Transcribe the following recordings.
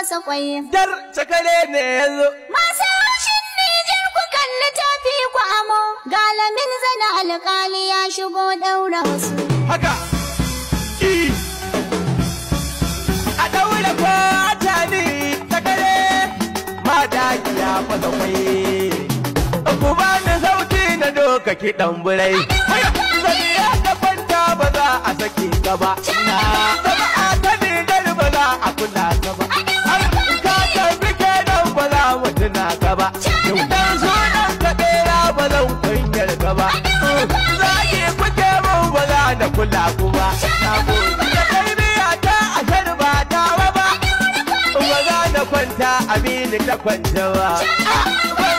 masa kwai. Dar cakare ne yanzu. Masu haushin Nijar ku kalli tafi ku amo. Galamin zana alƙali ya shigo ɗaura wasu. Haka. Ki. A ɗaura kwata cakare ma da ya fasa kwai. Ku ba ni sauti na doka kiɗan burai. Zabiya da kwanta ba za a saki gaba. ka ba yau na nan ka ɗera ba zan kunyar ka ba za ki kuke mun ba za na kula kuma na gobe da ta a tarba ta ba ba za na kwanta abin da kwanta ba ah,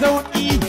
sauki